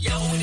Yo.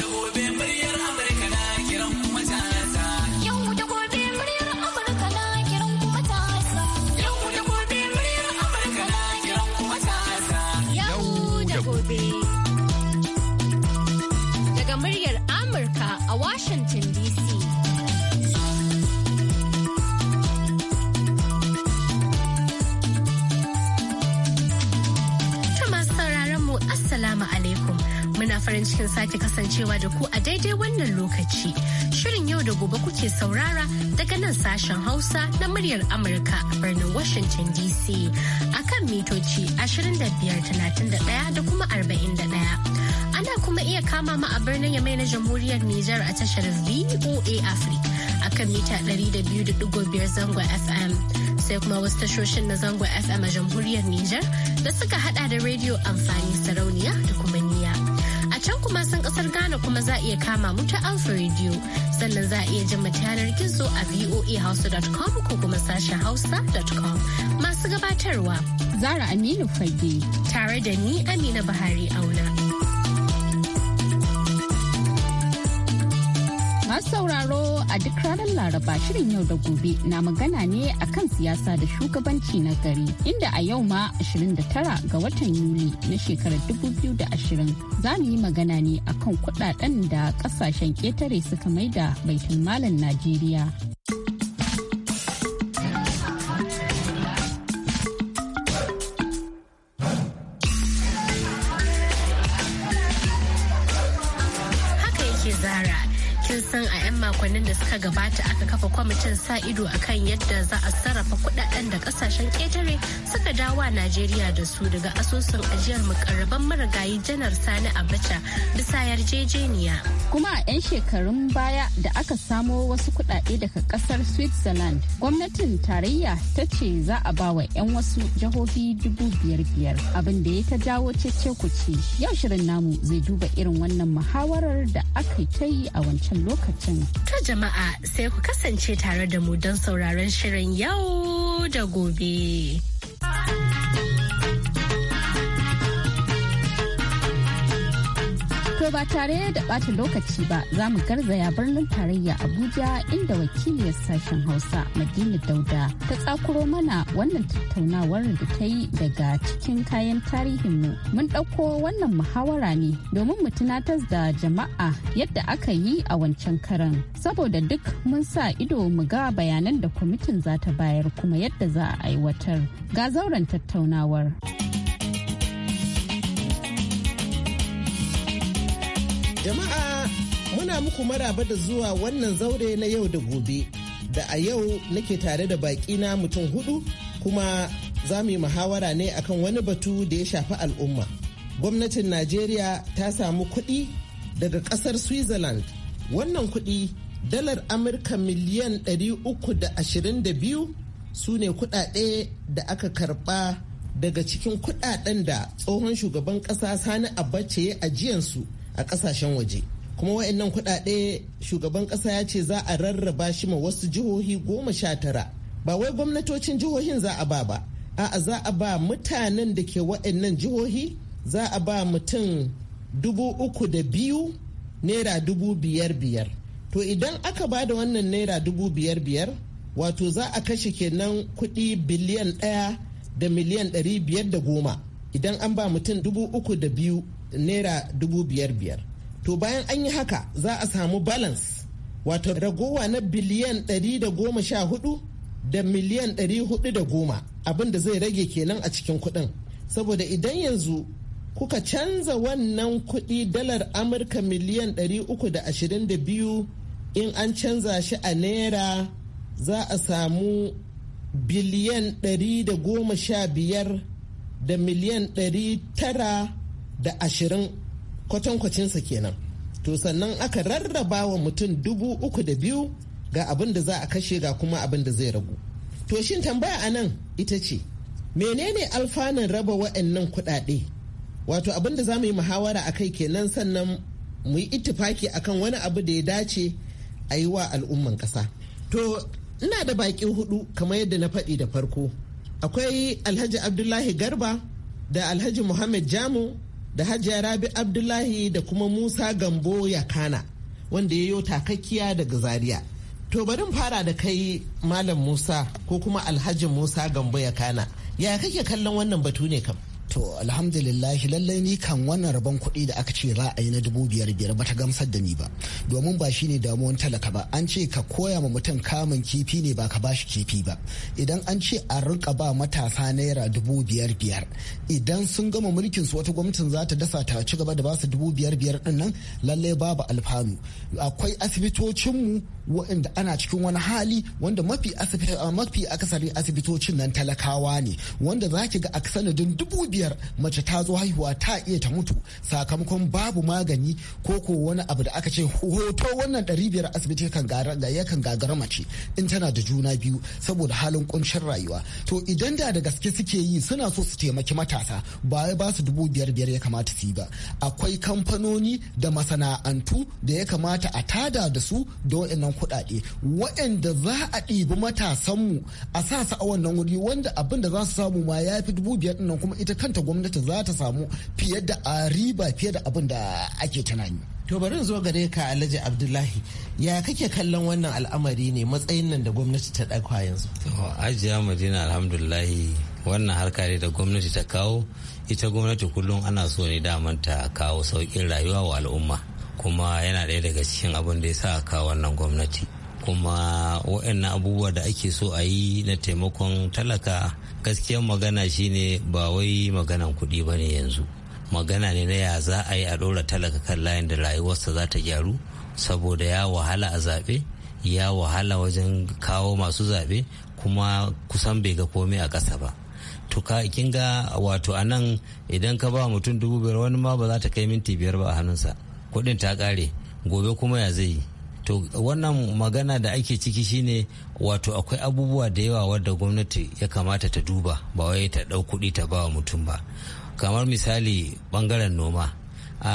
kasancewa da ku a daidai wannan lokaci. Shirin yau da gobe kuke saurara daga nan sashen Hausa na muryar Amurka a birnin Washington DC a kan mitoci 2531 da kuma 41. Ana kuma iya kama mu a birnin Yamai na Jamhuriyar Nijar a tashar VOA Africa a kan mita 200.5 zango FM. sai kuma wasu tashoshin na zango FM a jamhuriyar Nijar da suka hada da rediyo amfani sarauniya da kuma niya. can kuma sun kasar Ghana kuma za iya kama mu ta Alpha Radio. Sannan za a iya jin mata yanar gizo a voahausa.com ko kuma sashen hausa.com. Masu gabatarwa. Zara Aminu Fage. Tare da ni Amina Bahari Auna. Masu sauraro a duk ranar Laraba shirin yau da gobe na magana ne akan siyasa da shugabanci na gari inda a yau ma 29 ga watan Yuli na shekarar 2020 za mu yi magana ne akan kudaden da kasashen ketare suka maida baitin malam Najeriya 'yan makonnin da suka gabata aka kafa kwamitin sa ido akan yadda za a sarrafa kudaden da kasashen ketare suka dawa najeriya da su daga asusun ajiyar mukarraban marigayi janar sani abacha bisa yarjejeniya kuma a 'yan shekarun baya da aka samo wasu kudade daga kasar switzerland gwamnatin tarayya ta ce za a ba wa 'yan wasu jihohi dubu biyar biyar abin da ya ta jawo cece ce yau shirin namu zai duba irin wannan muhawarar da aka ta yi a wancan lokacin To jama'a sai ku kasance tare da mu don sauraron shirin yau da gobe. To ba tare da ɓata lokaci ba za mu garzaya birnin tarayya Abuja inda wakiliyar sashen Hausa Madina Dauda ta tsakuro mana wannan tattaunawar da ta yi daga cikin kayan tarihinmu. Mun ɗauko wannan muhawara ne domin mu tunatar da jama'a yadda aka yi a wancan karan. Saboda duk mun sa ido mu ga bayanan da kwamitin za ta bayar kuma yadda za a aiwatar. Ga zauren tattaunawar. Jama'a muna muku maraba da zuwa wannan zaure na yau da gobe da a yau nake tare da baki na mutum hudu kuma za mu yi muhawara ne akan wani batu da ya shafi al'umma. Gwamnatin Najeriya ta samu kuɗi daga ƙasar Switzerland. Wannan kuɗi dalar Amurka miliyan 322 su ne kuɗaɗe da aka karɓa daga cikin kuɗaɗen da tsohon shugaban ƙasa Sani Abacha ya ajiyansu a kasashen waje kuma wa'annan kuɗaɗe shugaban ƙasa ya ce za a rarraba shi ma wasu jihohi goma sha tara ba wai gwamnatocin jihohin za a ba ba a'a za a ba mutanen da ke wa'annan jihohi za a ba mutum dubu uku da biyu naira dubu biyar biyar to idan aka ba da wannan naira dubu biyar biyar wato za a kashe kenan kuɗi biliyan ɗaya da miliyan ɗari biyar da goma idan an ba mutum dubu uku da biyu naira dubu biyar biyar to bayan an yi haka za a samu balance wato ragowa na biliyan ɗari da goma sha hudu da miliyan ɗari hudu da goma abin da zai rage kenan a cikin kuɗin saboda idan yanzu kuka canza wannan kuɗi dalar amurka miliyan ɗari uku da ashirin da biyu in an canza shi a naira za a samu biliyan ɗari da goma sha biyar da miliyan ɗari tara da ashirin kwatankwacinsa kenan to sannan aka rarraba wa mutum dubu uku da biyu ga abin da za a kashe ga kuma abin da zai ragu to shin tambaya a nan ita ce menene alfanun raba wa'annan kuɗaɗe wato abin da za mu yi muhawara a kai kenan sannan mu yi ittifaki kan wani abu da ya dace a yi wa al'umman ƙasa to ina da baƙi hudu kamar yadda na faɗi da farko akwai alhaji abdullahi garba da alhaji muhammad jamu da hajiya rabi abdullahi da kuma musa gambo yakana wanda ya yi takakkiya daga zaria to barin fara da kai malam musa ko kuma alhaji musa gambo yakana ya kake kallon wannan batu ne kam To alhamdulillah lallai ni kan wannan rabon kuɗi da aka ce za a yi na dubu biyar biyar bata gamsar da ni ba. Domin ba shine damuwan talaka ba an ce ka koya ma mutum kamun kifi ne ba ka bashi kifi ba. Idan an ce a rika ba matasa naira dubu biyar biyar idan sun gama mulkin su wata gwamnatin za ta dasa ta ci gaba da basu dubu biyar biyar din nan lallai babu alfanu. Akwai asibitocinmu waɗanda ana cikin wani hali wanda mafi mafi asibitocin nan talakawa ne wanda za ki ga a sanadin dubu biyar lafiyar mace ta zo haihuwa ta iya ta mutu sakamakon babu magani ko ko wani abu da aka ce hoto wannan ɗari biyar asibiti kan yakan gagara mace in tana da juna biyu saboda halin ƙunshin rayuwa to idan da da gaske suke yi suna so su taimaki matasa ba ba su dubu biyar biyar ya kamata su yi ba akwai kamfanoni da masana'antu da ya kamata a tada da su da wa'annan kuɗaɗe wa'anda za a ɗibi matasanmu a sa su a wannan wuri wanda abin da za su samu ma ya fi dubu biyar nan kuma ita kan ta gwamnati za ta samu fiye da a riba fiye da abin da ake tunani to bari zo gare ka alhaji abdullahi ya kake kallon wannan al'amari ne matsayin nan da gwamnati ta ɗauka yanzu ajiya madina alhamdulahi wannan harka ne da gwamnati ta kawo ita gwamnati kullum ana so ne daman ta kawo saukin rayuwa wa al'umma kuma yana ɗaya daga cikin abin da ya sa kawo wannan gwamnati kuma waɗannan abubuwa da ake so a yi na taimakon talaka gaskiyar magana shine ba wai maganan kuɗi ba ne yanzu magana ne na ya za a yi a ɗora talaka kan layin da rayuwarsa za ta gyaru saboda ya wahala a zaɓe ya wahala wajen kawo masu zaɓe kuma kusan bai ga komai a ƙasa ba to kin ga wato a nan idan ka ba mutum dubu biyar wani ma ba za ta kai minti biyar ba a hannunsa kuɗin ta ƙare gobe kuma ya zai yi to wannan magana da ake ciki shine wato akwai abubuwa da yawa wadda gwamnati ya kamata ta duba ba wai ta dau kuɗi ta ba mutum ba kamar misali bangaren noma a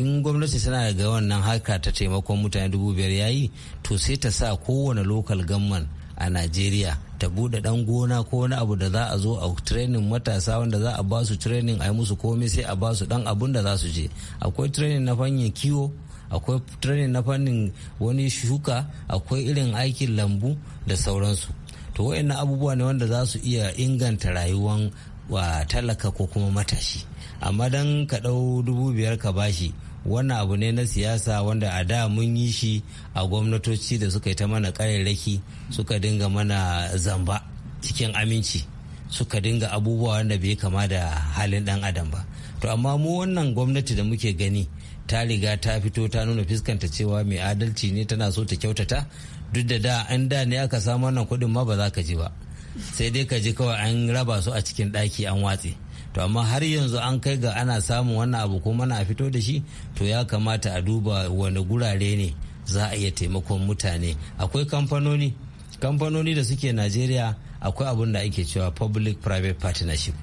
in gwamnati tana ga wannan haka ta taimakon mutane dubu biyar yayi to sai ta sa kowane lokal gamman a najeriya ta bude dan gona ko wani abu da za a zo a training matasa wanda za a basu su training a yi musu komai sai a ba su dan abun da za su je akwai training na fanyin kiwo akwai training na fannin wani shuka akwai irin aikin lambu da sauransu to wayannan abubuwa ne wanda za su iya inganta rayuwan wa talaka ko kuma matashi amma dan ka dau dubu biyar ka bashi wannan abu ne na siyasa wanda a da mun yi shi a gwamnatoci da suka yi ta mana ƙarairaki suka dinga mana zamba cikin aminci suka dinga abubuwa wanda bai kama da halin ɗan adam ba to amma mu wannan gwamnati da muke gani ta riga ta fito ta nuna fuskanta cewa mai adalci ne tana so ta kyautata duk da da an da ne aka samu wannan kuɗin ma ba za ka ji ba sai dai ka ji kawai an raba su a cikin ɗaki an watse to amma har yanzu an kai ga ana samun wannan abu ko mana fito da shi to ya kamata a duba wani gurare ne za a iya taimakon mutane akwai kamfanoni kamfanoni da suke najeriya akwai abun da ake cewa public private partnership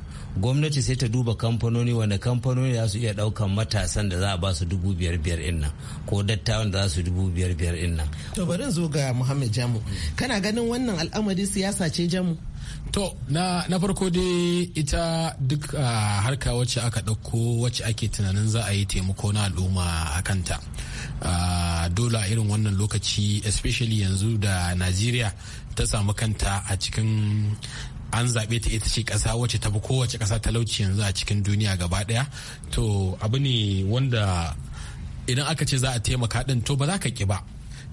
gwamnati sai ta duba kamfanoni wanda kamfanoni za su iya daukan matasan da za a ba su dubu biyar biyar in ko dattawan da za su dubu biyar biyar in to bari zo ga muhammad jamu kana ganin wannan al'amari siyasa ce jamu. to na farko dai ita duk uh, harka wacce aka ɗauko wacce ake tunanin za a yi taimako na al'umma a kanta ah, dole a irin wannan lokaci especially yanzu da najeriya ta samu kanta a cikin an zaɓe ta ita ce ƙasa wacce ta fi kowace ƙasa talauci yanzu a cikin duniya gaba ɗaya to abu ne wanda idan aka ce za a taimaka ɗin to ba za ka ƙi ba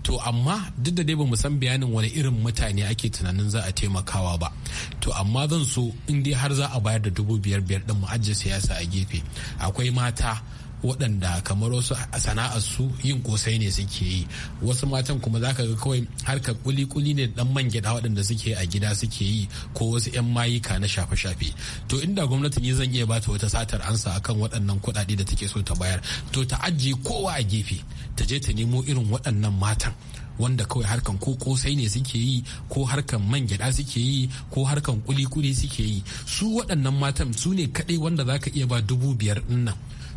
to amma duk da dai ba san bayanin wani irin mutane ake tunanin za a taimakawa ba to amma zan so in dai har za a bayar da dubu biyar biyar ɗin mu ajiye siyasa a gefe akwai mata waɗanda kamar wasu sana'ar su yin kosai ne suke yi wasu matan kuma zaka ga kawai harkar kuli-kuli ne dan man mangyada waɗanda suke a gida suke yi ko wasu 'yan mayuka na shafe-shafe to inda gwamnati yi zan iya bata wata satar ansa akan waɗannan kuɗaɗe da take so ta bayar to ta ajiye kowa a gefe ta je ta nemo irin waɗannan matan wanda kawai harkan ko kosai ne suke yi ko harkan man gyada suke yi ko harkan kuli-kuli suke yi su waɗannan matan su ne kaɗai wanda za ka iya ba dubu biyar nan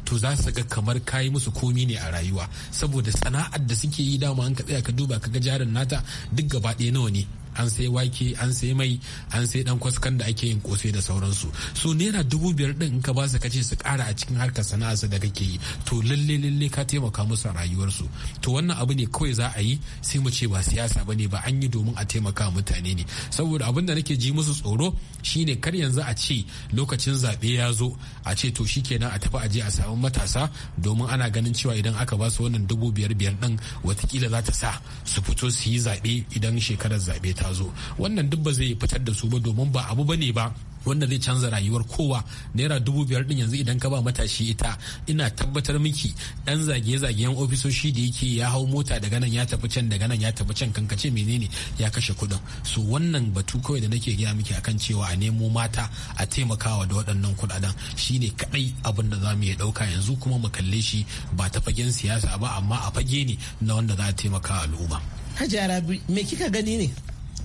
to za su ga kamar kayi musu komi ne a rayuwa saboda sana'ar da suke yi dama an ka tsaya ka duba ka ga jarin nata duk gaba ɗaya nawa ne an sai wake an sai mai an sai dan kwaskan da ake yin kosai da sauransu so naira dubu biyar din in ka ba su kace su kara a cikin harkar sana'arsu da kake yi to lalle lalle ka taimaka musu a rayuwarsu to wannan abu ne kawai za a yi sai mu ce ba siyasa bane ba an yi domin a taimaka mutane ne saboda abin da nake ji musu tsoro shine kar yanzu a ce lokacin zaɓe ya zo a ce to shikenan a tafi a je a samu matasa domin ana ganin cewa idan aka ba su wannan dubu biyar biyar din watakila za ta sa su fito su yi zaɓe idan shekarar zaɓe ta ta zo wannan duk ba zai fitar da su ba domin ba abu bane ba wanda zai canza rayuwar kowa naira dubu biyar din yanzu idan ka ba matashi ita ina tabbatar miki dan zage-zagen ofisoshi da yake ya hau mota daga nan ya tafi can daga nan ya tafi can kanka ce menene ya kashe kuɗin so wannan batu kawai da nake gaya miki akan cewa a nemo mata a taimakawa da waɗannan kuɗaɗen shine kaɗai abin da za mu iya ɗauka yanzu kuma mu kalle shi ba ta fagen siyasa ba amma a fage ne na wanda za a taimaka al'umma. Hajji me kika gani ne?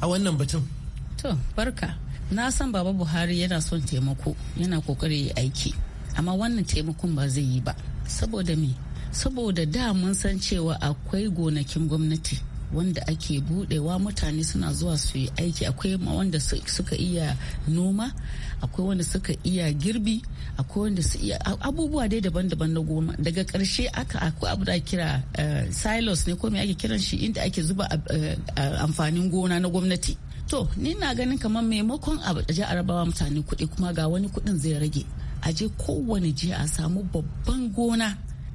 a wannan batun to barka na san baba buhari yana son taimako yana kokari ya aiki amma wannan taimakon ba zai yi ba saboda me saboda da mun san cewa akwai gonakin gwamnati wanda ake budewa mutane suna zuwa su yi aiki akwai wanda suka iya noma akwai wanda suka iya girbi akwai wanda su iya abubuwa dai daban-daban na goma daga karshe aka akwai abu da kira eh, silos ne ko me ake kiran shi inda ake zuba eh, eh, amfanin gona na gwamnati to ni na ganin kamar maimakon a ji arabawa mutane kuɗi kuma ga wani kuɗin zai rage a je kowane jiya a samu babban gona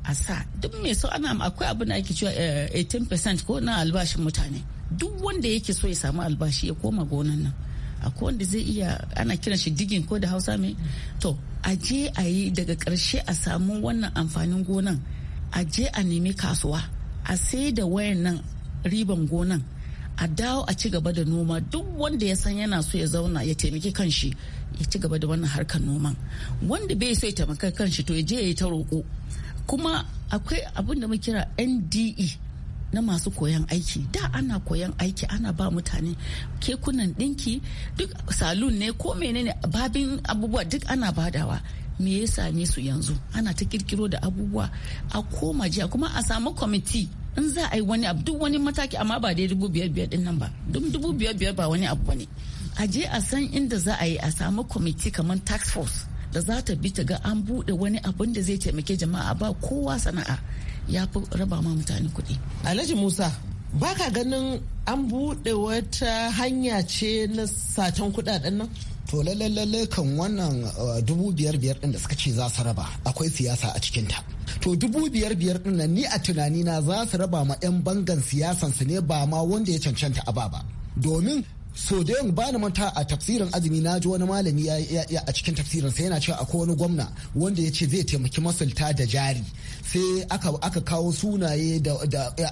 a sa duk mai so ana akwai abin da ake cewa 18% eh, ko na albashin mutane duk wanda yake so ya samu albashi ya koma gonan nan akwai wanda zai iya ana kiran shi digin ko da hausa mai to a je a yi daga karshe a samu wannan amfanin gonan a je a nemi kasuwa a sai da wayan nan riban gonan a dawo a ci gaba da noma duk wanda ya san yana so ya zauna ya taimaki kanshi ya ci gaba da wannan harkar noman wanda bai so ya taimaka kanshi to ya je ya yi ta roƙo kuma akwai abin da kira nde na masu koyan aiki da ana koyan aiki ana ba mutane kekunan dinki duk salon ne ko menene babin abubuwa duk ana badawa me ya same su yanzu ana ta kirkiro da abubuwa a koma jiya kuma a samu kwamiti in za a yi wani abu duk wani mataki amma ba dai dubu biyar biyar din nan ba duk dubu biyar biyar ba wani abu bane a je a san inda za a yi a samu kwamiti kamar tax force da za ta bi ta ga an buɗe wani abin da zai taimake jama'a ba kowa sana'a ya fi raba ma mutane kuɗi. Alhaji Musa baka ganin an buɗe wata hanya ce na satan kuɗaɗen nan? to lallai kan wannan uh, dubu biyar biyar din da suka ce za su raba akwai siyasa a cikinta to dubu biyar biyar din nan ni a tunanina za su raba ma 'yan bangan siyasan su ne ba ma wanda ya cancanta a ba domin so da yawan bani manta a tafsirin azumi na ji wani malami a cikin tafsirin sai yana cewa akwai wani gwamna wanda ya ce zai taimaki masulta da jari sai aka kawo sunaye da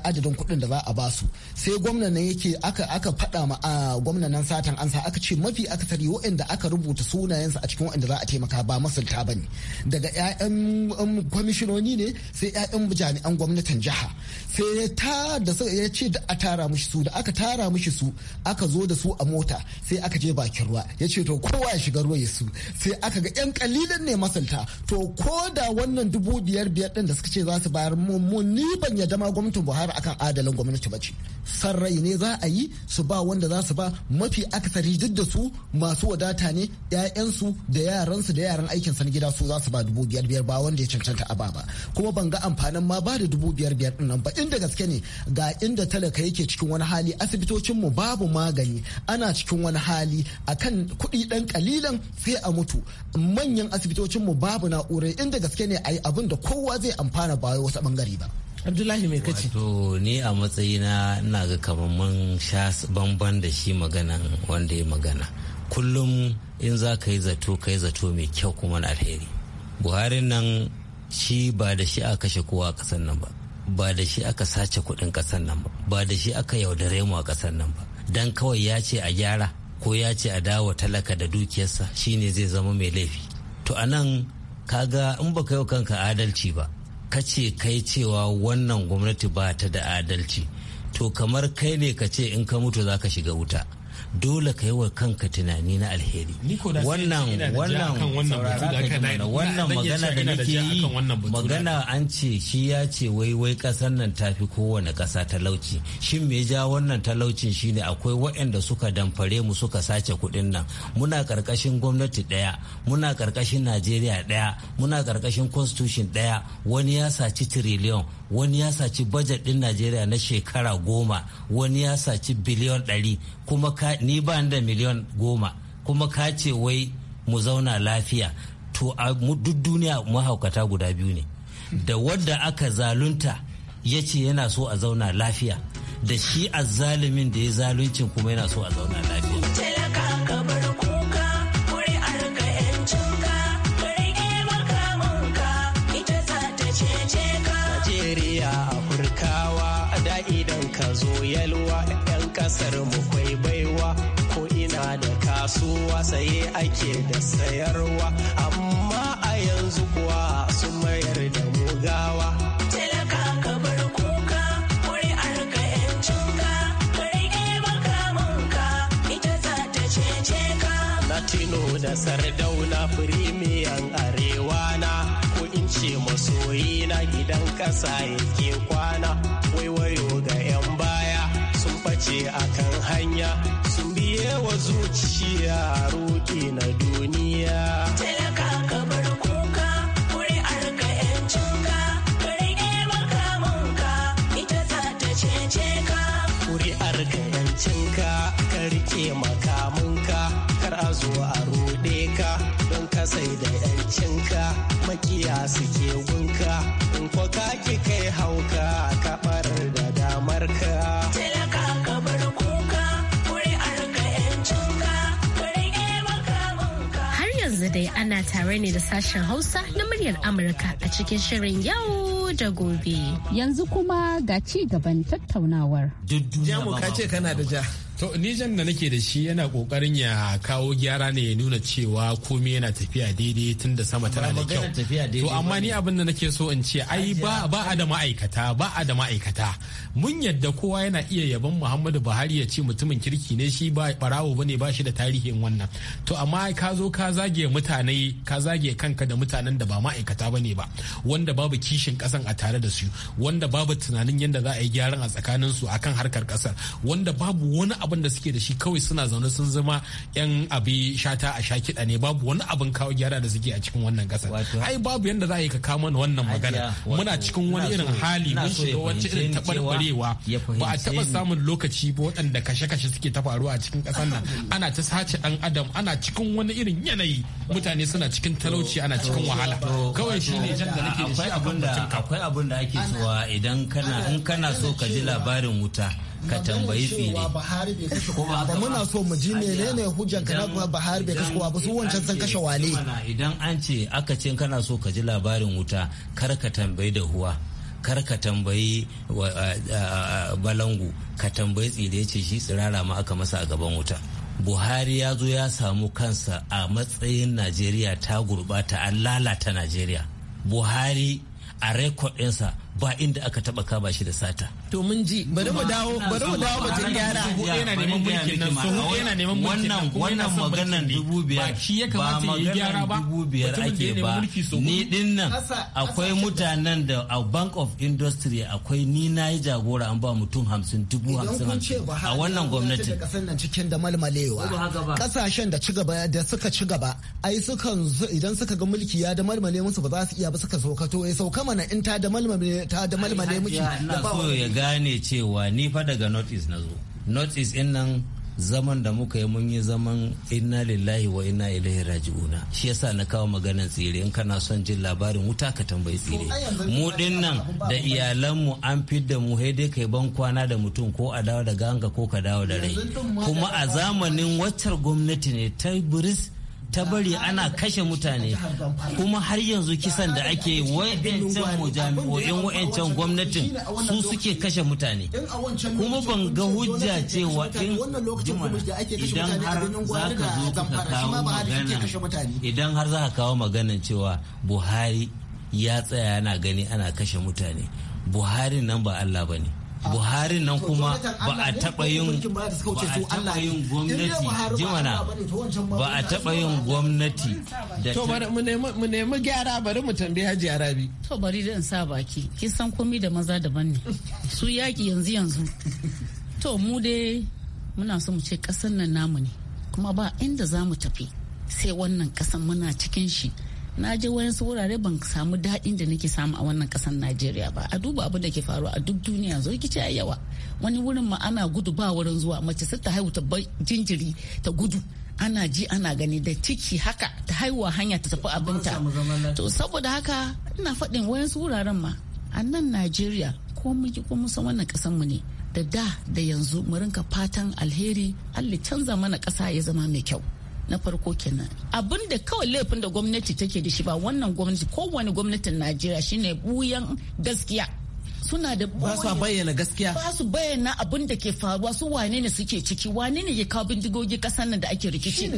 adadin kuɗin da za a basu sai gwamna nan yake aka faɗa ma gwamna nan satan ansa aka ce mafi akasari waɗanda aka rubuta sunayensa a cikin waɗanda za a taimaka ba masulta ba ne daga 'ya'yan um, kwamishinoni ne sai 'ya'yan jami'an gwamnatin jiha sai ya ta ce a tara mushi su da aka tara mishi su aka zo da su a mota sai aka je bakin ruwa ya ce to kowa ya shiga ruwa ya su sai aka ga yan kalilan ne masalta to ko da wannan dubu biyar biyar din da suka ce za su bayar mu ni ban yarda dama gwamnatin Buhari akan adalin gwamnati ba ce san rai ne za a yi su ba wanda za su ba mafi akasari duk da su masu wadata ne ƴaƴansu da yaransu da yaran aikin san gida su za su ba dubu biyar biyar ba wanda ya cancanta Ababa. kuma ban ga amfanin ma ba da dubu biyar biyar din nan ba inda gaske ne ga inda talaka yake cikin wani hali asibitocin mu babu magani ana cikin wani hali a kan kuɗi ɗan kalilan sai a mutu manyan asibitocinmu babu na'urai inda gaske ne a yi abin da kowa zai amfana ba wasu bangare ba abdullahi mai kaci to ni a matsayina ina ga kamar mun sha banban da shi maganan wanda ya magana kullum in za ka yi zato ka yi zato mai kyau kuma na alheri buhari nan shi ba da shi aka kashe kowa a ƙasar nan ba ba da shi aka sace kuɗin ƙasar nan ba ba da shi aka yaudare mu a ƙasar nan ba dan kawai ya ce a gyara ko ya ce a dawo talaka da dukiyarsa shine zai zama mai laifi to a anan kaga in baka wa kanka adalci ba ka ce kai cewa wannan gwamnati ba ta da adalci to kamar kai ne ka ce in ka mutu za ka shiga wuta dole ka yi wa kanka tunani na alheri wannan wannan wannan magana da nake yi magana an ce shi ya ce wai wai kasar nan tafi kowane kasa talauci shin me ja wannan talaucin shine akwai waɗanda suka damfare mu suka sace kuɗin nan muna karkashin gwamnati ɗaya muna karkashin najeriya ɗaya muna karkashin constitution ɗaya wani ya saci trillion wani ya saci bajet ɗin najeriya na shekara goma wani ya saci biliyon ɗari kuma ka ni ba da miliyan goma kuma ka ce wai mu zauna lafiya to a duk duniya mahaukata guda biyu ne da wadda aka zalunta ya ce yana so a zauna lafiya da shi a azzalumin da ya zaluncin kuma yana so a zauna lafiya. kasar mu kwai baiwa ko ina da kasuwa saye ake da sayarwa amma a yanzu kuwa su mayar da mugawa Latino da Sardauna firimiyan arewa na ko in ce masoyi na gidan ƙasa yake kwa. ya roƙi na duniya talaka ka bar kuka kuri'ar ka yancinka ka rike makamanka ita za ta cece ka kuri'ar ka yancinka ka kar a zo a roɗe ka don ka sai da yancinka makiya suke gunka in kwa ka kai hauka tare ne da sashen Hausa na muryar Amurka a cikin shirin yau da gobe. Yanzu kuma ga ci gaban tattaunawar. Jamu ka ce kana da ja. To nijan da nake da shi yana kokarin ya kawo gyara ne ya nuna cewa komai yana tafiya daidai tun da sama tana da kyau. To amma ni abin da nake so in ce ai ba ba a da ma'aikata ba a da ma'aikata. Mun yadda kowa yana iya yaban Muhammadu Buhari ya ce mutumin kirki ne shi ba barawo bane ba shi da tarihin wannan. To amma ka zo ka zage mutane ka zage kanka da mutanen da ba ma'aikata bane ba wanda babu kishin kasan a tare da su wanda babu tunanin yadda za a yi gyaran a tsakanin su akan harkar kasar wanda babu wani abin da suke da shi kawai suna zaune sun zama yan abi shata a sha kiɗa ne babu wani abin kawo gyara da suke a cikin wannan ƙasar ai babu yanda za a yi ka kama wannan magana muna cikin wani irin hali mun shiga wacce irin taɓarɓarewa ba a taɓa samun lokaci ba waɗanda kashe-kashe suke ta faruwa a cikin ƙasar nan ana ta sace ɗan adam ana cikin wani irin yanayi mutane suna cikin talauci ana cikin wahala kawai shi ne jan da nake da shi akwai abin da ake cewa idan kana in kana so ka ji labarin wuta ka tambayi fili ba muna so mu ji menene hujjan ka na bahari bai kashe kowa ba su wancan san kashe wale idan an ce aka ce kana so ka ji labarin wuta kar ka tambayi da huwa kar ka tambayi balangu ka tambayi tsire ce shi tsirara ma aka masa a gaban wuta buhari ya zo ya samu kansa a matsayin najeriya ta gurbata an lalata najeriya buhari a rekodinsa ba inda aka taba kaba shi da sata. To mun ji bari mu dawo bari mu dawo batun gyara. Yana neman mulkin nan so yana neman mulkin nan wannan maganan dubu biyar shi ya kamata ya gyara ba dubu biyar ake ba ni din nan akwai mutanen da a Bank of Industry akwai ni na yi jagora an ba mutum hamsin dubu hamsin a wannan gwamnati. Idan kun nan cikin da malmalewa kasashen da cigaba da suka cigaba ai sukan idan suka ga mulki ya da malmale musu ba za su iya ba suka saukato ya sauka mana in ta da malmale ta da malmale miki da ba so ya gane cewa ni fa daga north east na north east din nan zaman da muka yi mun yi zaman inna lillahi wa inna ilaihi raji'una shi yasa na kawo maganar tsire in kana son jin labarin wuta ka tambayi tsire mu din nan da iyalanmu an fidda mu dai kai ban kwana da mutum ko a dawo da ganga ko ka dawo da rai kuma a zamanin waccar gwamnati ne ta buris ta bari ana kashe mutane kuma har yanzu kisan da ake wa'yancan jami'o'in wa'yancan gwamnatin su suke kashe mutane kuma ban ga hujja cewa in idan har za ka kawo magana maganan cewa buhari ya tsaya yana gani ana kashe mutane buhari nan ba allah ba ne buhari nan kuma ba a taɓa yin gwamnati jimana ba a taɓa yin gwamnati da to bari mu nemi gyara bari mu tambayi hajji arabi to bari da in sa baki kin san komai da maza daban ne su yaki yanzu yanzu to mu dai muna so mu ce kasan nan namu ne kuma ba inda za mu tafi sai wannan kasan muna cikin shi na je wayansu wurare ban samu daɗin da nake samu a wannan ƙasar najeriya ba a duba abin da ke faruwa a duk duniya zo a yawa wani wurin ma ana gudu ba wurin zuwa mace sai ta haihu ta jinjiri ta gudu ana ji ana gani da ciki haka ta haihuwa hanya ta tafi abinta to saboda haka ina faɗin wayansu wuraren ma a nan najeriya ko muke ko musan wannan ƙasar mu ne da da da yanzu mu rinka fatan alheri allah canza mana ƙasa ya zama mai kyau na farko kenan abin da kawai laifin da gwamnati take da shi ba wannan gwamnati kowane gwamnatin najeriya shine buyan gaskiya suna da ba su bayyana gaskiya ba su bayyana abin da ke faruwa su wane ne suke ciki wane ne ya kawo bindigogi kasan nan da ake rikici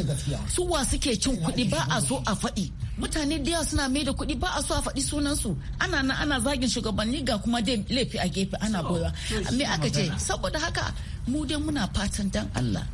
su wa suke cin kuɗi ba a so a faɗi mutane da yawa suna mai da kuɗi ba a so a faɗi sunan su ana nan ana zagin shugabanni ga kuma dai laifi a gefe ana boyewa me aka ce saboda haka mu dai muna fatan dan Allah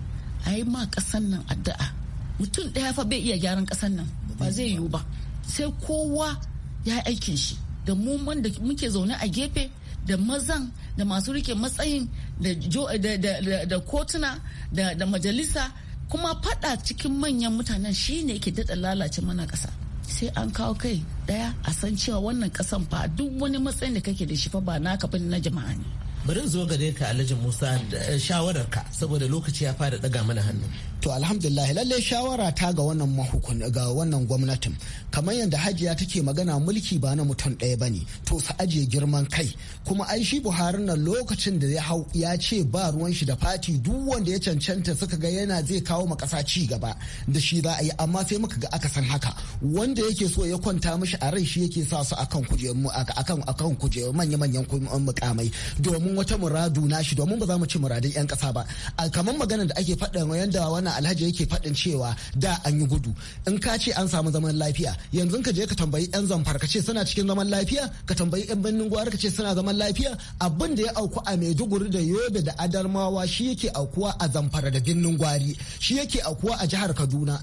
ayi ma kasan nan addu'a mutum ɗaya fa bai iya gyaran ƙasar nan ba zai yiwu ba sai kowa ya aikin shi da mu da muke zaune a gefe da mazan da masu rike matsayin da kotuna da majalisa kuma fada cikin manyan mutanen shine ke daɗa lalace mana ƙasa sai an kawo kai ɗaya a san cewa wannan ƙasan fa duk wani matsayin da kake da shi fa ba naka bane na jama'a ne bari zo gare ka alhaji musa shawararka saboda lokaci ya fara daga mana hannu to alhamdulillah lalle shawara ta ga wannan mahukun ga wannan gwamnatin kamar yadda hajiya take magana mulki ba na mutum ɗaya bane to su ajiye girman kai kuma ai shi buhari nan lokacin da ya hau ya ce ba ruwan shi da fati duk wanda ya cancanta suka ga yana zai kawo ma kasa ci gaba da shi za a yi amma sai muka ga aka san haka wanda yake so ya kwanta mishi a rai shi yake sa su akan kujeru akan akan kujeru manya manyan um, mukamai domin wata muradu na shi domin ba za mu ci muradin yan kasa ba kamar maganar da ake faɗa yanda wani alhaji yake faɗin cewa da an yi gudu in ka ce an samu zaman lafiya yanzu ka je ka tambayi yan zamfar ka ce suna cikin zaman lafiya ka tambayi yan birnin gwari ka ce suna zaman lafiya abin da ya auku a maiduguri da yobe da adarmawa shi yake aukuwa a zamfara da birnin gwari shi yake aukuwa a jihar kaduna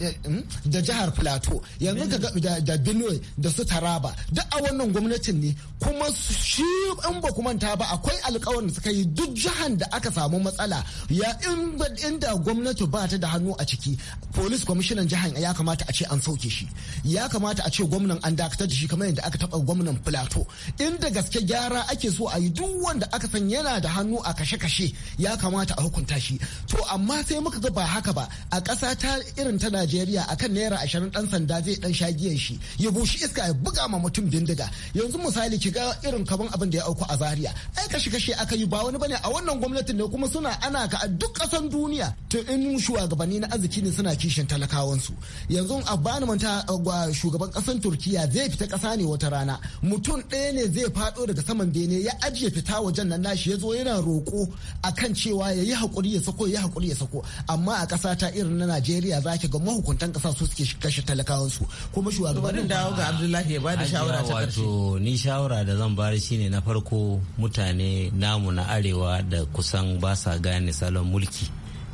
eh, hmm, da jihar plateau yanzu ka ga da benue da su taraba duk a wannan gwamnatin ne kuma shi in ba manta ba akwai alkawarin suka yi duk jihar da aka samu matsala ya in da gwamnati gwamnati ba ta da hannu a ciki polis kwamishinan jihar ya kamata a ce an sauke shi ya kamata a ce gwamnan an dakatar da shi kamar yadda aka taba gwamnan plateau inda gaske gyara ake so a yi duk wanda aka san yana da hannu a kashe-kashe ya kamata a hukunta shi to amma sai muka ga ba haka ba a ƙasa ta irin ta najeriya akan naira ashirin dan sanda zai dan giyan shi ya bushi iska ya buga ma mutum bindiga yanzu misali ki ga irin kaman abin da ya auku a zaria ai kashe-kashe aka yi ba wani bane a wannan gwamnatin ne kuma suna ana ka a duk ƙasan duniya to in shugabanni na arziki ne suna kishin talakawansu yanzu a bani manta shugaban kasan turkiya zai fita kasa ne wata rana mutum ɗaya ne zai fado daga saman bene ya ajiye fita wajen nan nashi ya zo yana roƙo akan cewa ya yi haƙuri ya sako ya haƙuri ya sako amma a ƙasa ta irin na najeriya za ki ga mahukuntan ƙasa su suke kashe talakawansu kuma shugabannin dawo ga abdullahi ya bada shawara ta wato ni shawara da zan shi shine na farko mutane namu na arewa da kusan ba sa gane salon mulki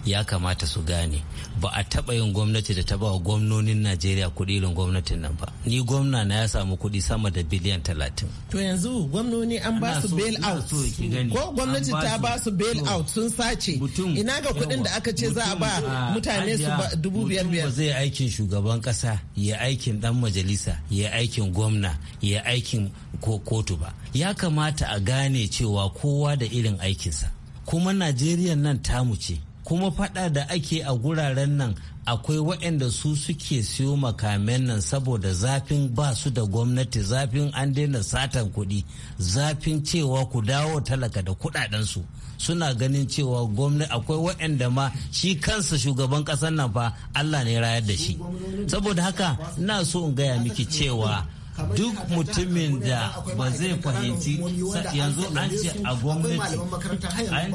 ya kamata su gane ba a taɓa yin gwamnati da ta ba wa gwamnonin najeriya kuɗi irin gwamnatin nan ba ni gwamna na ya samu kuɗi sama da biliyan talatin to yanzu gwamnoni an ba su bail out ko gwamnati ta ba su bail out sun sace ina ga kuɗin da aka ce za a ba ah, mutane su dubu biyar biyar Mutum zai aikin shugaban ƙasa ya aikin dan majalisa ya aikin gwamna ya aikin kotu ba ya kamata a gane cewa kowa da irin aikinsa kuma najeriya nan tamu ce kuma fada da ake a guraren nan akwai waɗanda su suke siyo makamen nan saboda zafin ba su da gwamnati zafin an daina satan kuɗi zafin cewa ku dawo talaka da kuɗaɗensu suna ganin cewa gwamnati akwai waɗanda ma shi kansa shugaban ƙasar nan fa allah ne rayar da shi saboda haka ina so in gaya miki cewa duk mutumin da ba zai fahimci yanzu an ce a gwamnati an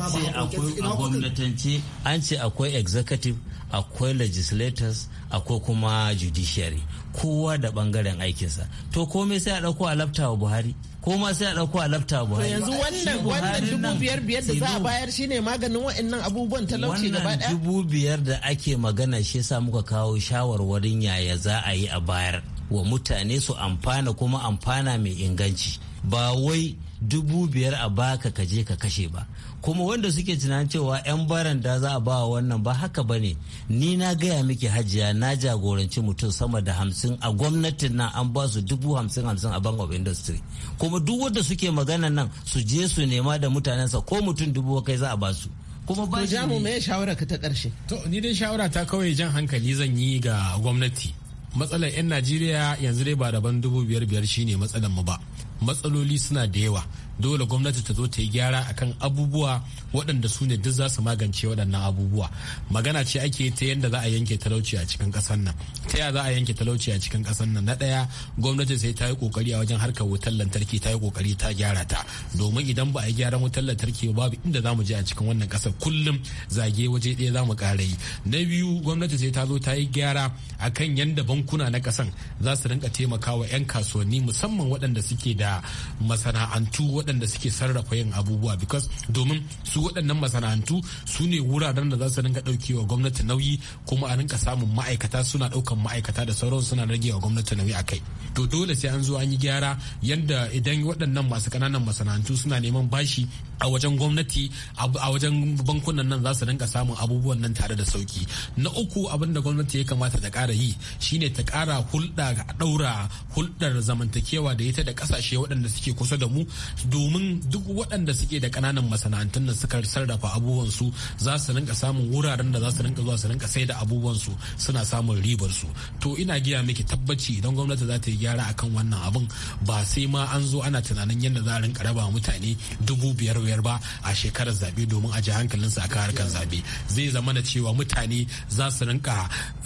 ce akwai a gwamnatance an ce akwai executive akwai legislators akwai kuma judiciary kowa da bangaren aikinsa to komai sai a ɗauko a lafta wa buhari koma sai a ɗauko a lafta buhari yanzu wannan wannan dubu biyar biyar da za a bayar shine maganin wa'annan abubuwan talauci gaba ɗaya wannan dubu biyar da ake magana shi sa muka kawo shawarwarin yaya za a yi a bayar wa mutane su amfana kuma amfana mai inganci ba wai dubu biyar a baka ka je ka kashe ba kuma wanda suke tunanin cewa 'yan baranda za a ba wannan ba haka ba ne ni na gaya miki hajiya na jagoranci mutum sama da hamsin a gwamnatin nan an ba su dubu hamsin hamsin a bank of industry kuma duk wanda suke magana nan su je su nema da mutanensa ko mutum dubu kai za a ba su kuma ba shi ne shawara ka ta karshe to ni dai shawara ta kawai jan hankali zan yi ga gwamnati matsalar 'yan najeriya yanzu dai ba daban dubu biyar biyar shine matsalar mu ba matsaloli suna da yawa dole gwamnati ta zo ta yi gyara akan abubuwa waɗanda su ne duk za su magance waɗannan abubuwa magana ce ake ta yadda za a yanke talauci a cikin ƙasar nan ta yaya za a yanke talauci a cikin ƙasar nan na ɗaya gwamnati sai ta yi ƙoƙari a wajen harkar wutar lantarki ta yi ƙoƙari ta gyara ta domin idan ba a yi gyaran wutar lantarki babu inda za mu je a cikin wannan ƙasar kullum zage waje ɗaya za mu ƙara yi na biyu gwamnati sai ta zo ta yi gyara akan yadda bankuna na ƙasan za su rinka taimakawa 'yan kasuwanni musamman waɗanda suke da da masana'antu waɗanda suke sarrafa yin abubuwa because domin su waɗannan masana'antu su ne wuraren da za su rinka ɗaukewa gwamnati nauyi kuma a rinka samun ma'aikata suna ɗaukan ma'aikata da sauran suna rage wa gwamnati nauyi a kai to dole sai an zo an yi gyara yadda idan waɗannan masu ƙananan masana'antu suna neman bashi a wajen gwamnati a wajen bankunan nan za su rinka samun abubuwan nan tare da sauki na uku abin da gwamnati ya kamata ta kara yi shine ta kara hulɗa ga ɗaura hulɗar zamantakewa da ita da ƙasashe waɗanda suke kusa da mu domin duk waɗanda suke da ƙananan masana'antun nan suka sarrafa abubuwan su za su rinka samun wuraren da za su rinka zuwa su rinka sai da abubuwan su suna samun ribar su to ina giya miki tabbaci idan gwamnati za ta yi gyara akan wannan abin ba sai ma an zo ana tunanin yadda za a rinka raba mutane dubu biyar wuyar ba a shekarar zabe domin a ji hankalinsu a harkar zabe zai zama da cewa mutane za su rinka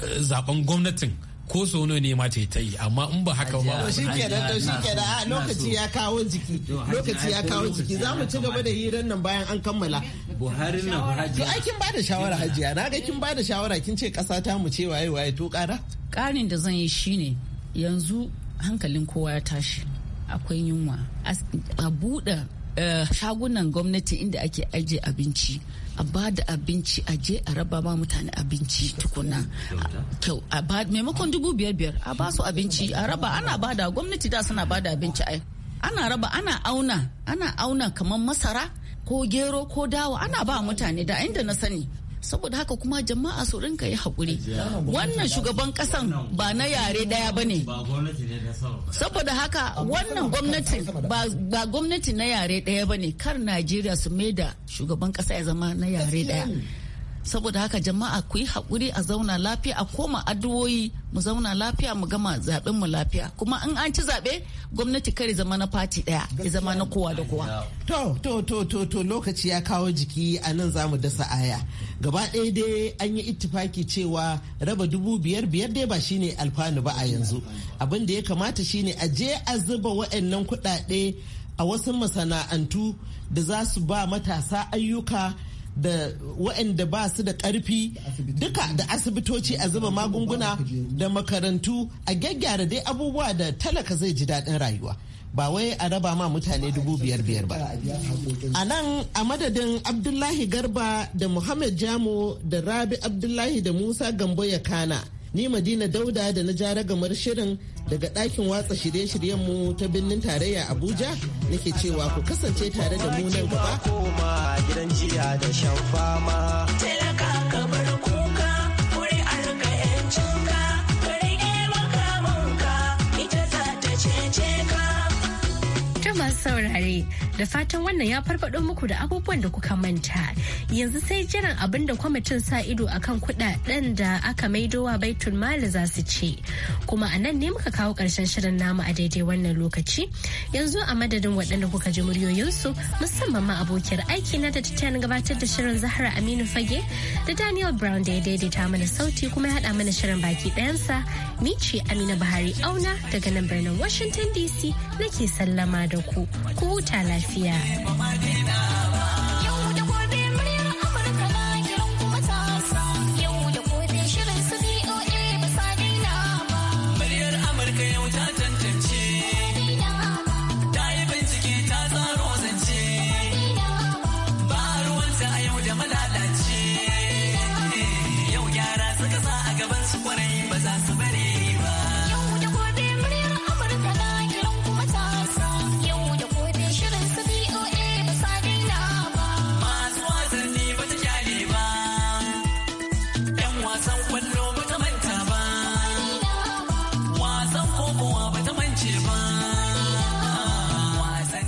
eh, zaben gwamnatin ko so nawa ne mata ta yi amma in ba haka ba shi kenan to shi kenan a ah, lokaci ya kawo jiki lokaci ya kawo jiki za mu ci gaba da hirar nan bayan an kammala Buhari na Hajiya to ai kin bada shawara Hajiya na ga kin bada shawara kin ce kasa ta mu ce waye waye to kara karin da zan yi shine yanzu hankalin kowa ya tashi akwai yunwa a buɗe Eh, shagunan gwamnati inda ake ajiye abinci a ba da abinci a je a raba ma mutane abinci tukuna kyau a ba maimakon dubu biyar biyar a ba su abinci a raba ana ba da gwamnati da suna ba da abinci ai ana raba ana auna ana auna kamar masara ko gero ko dawa ana ba mutane da inda na sani saboda haka kuma jama'a su ka yi haƙuri wannan shugaban ƙasan ba na yare daya ba ne saboda haka wannan gwamnati ba gwamnati na yare daya ba ne kar najeriya su maida shugaban ƙasa ya zama na yare daya. saboda haka jama'a ku yi haƙuri a zauna lafiya a koma addu'o'i mu zauna lafiya mu gama zaɓen mu lafiya kuma in an ci zaɓe gwamnati kare zama na fati ɗaya ya zama na kowa da kowa. To to to to to lokaci ya kawo jiki a nan za mu dasa aya gaba ɗaya dai an yi ittifaki cewa raba dubu biyar biyar dai ba shine alfanu ba a yanzu abin da ya kamata shine a je a zuba waɗannan kuɗaɗe a wasu masana'antu da za su ba matasa ayyuka da waɗanda ba su da ƙarfi duka da asibitoci a zuba magunguna da makarantu a gyaggyara dai abubuwa da talaka zai ji daɗin rayuwa ba wai a raba ma mutane dubu biyar biyar ba a nan a madadin abdullahi garba da muhammad jamo da rabi abdullahi da musa gambo ya kana ni madina dauda da na jara gamar shirin daga ɗakin watsa shirye-shiryen mu ta birnin tarayya Abuja nake cewa ku kasance tare da mu nan gaba. Gidan jiya da shan fama. saurare da fatan wannan ya farfado muku da abubuwan da kuka manta yanzu sai jiran abin da kwamitin sa ido akan kuɗaɗen da aka maido maidowa baitul mali za su ce kuma a nan ne muka kawo ƙarshen shirin namu a daidai wannan lokaci yanzu a madadin waɗanda kuka ji muryoyinsu musamman ma abokiyar aiki na da titiyan gabatar da shirin zahra aminu fage da daniel brown da ya daidaita mana sauti kuma ya haɗa mana shirin baki ɗayansa ni ce Amina Buhari Auna daga nan birnin Washington DC nake sallama da ku. Ku huta lafiya.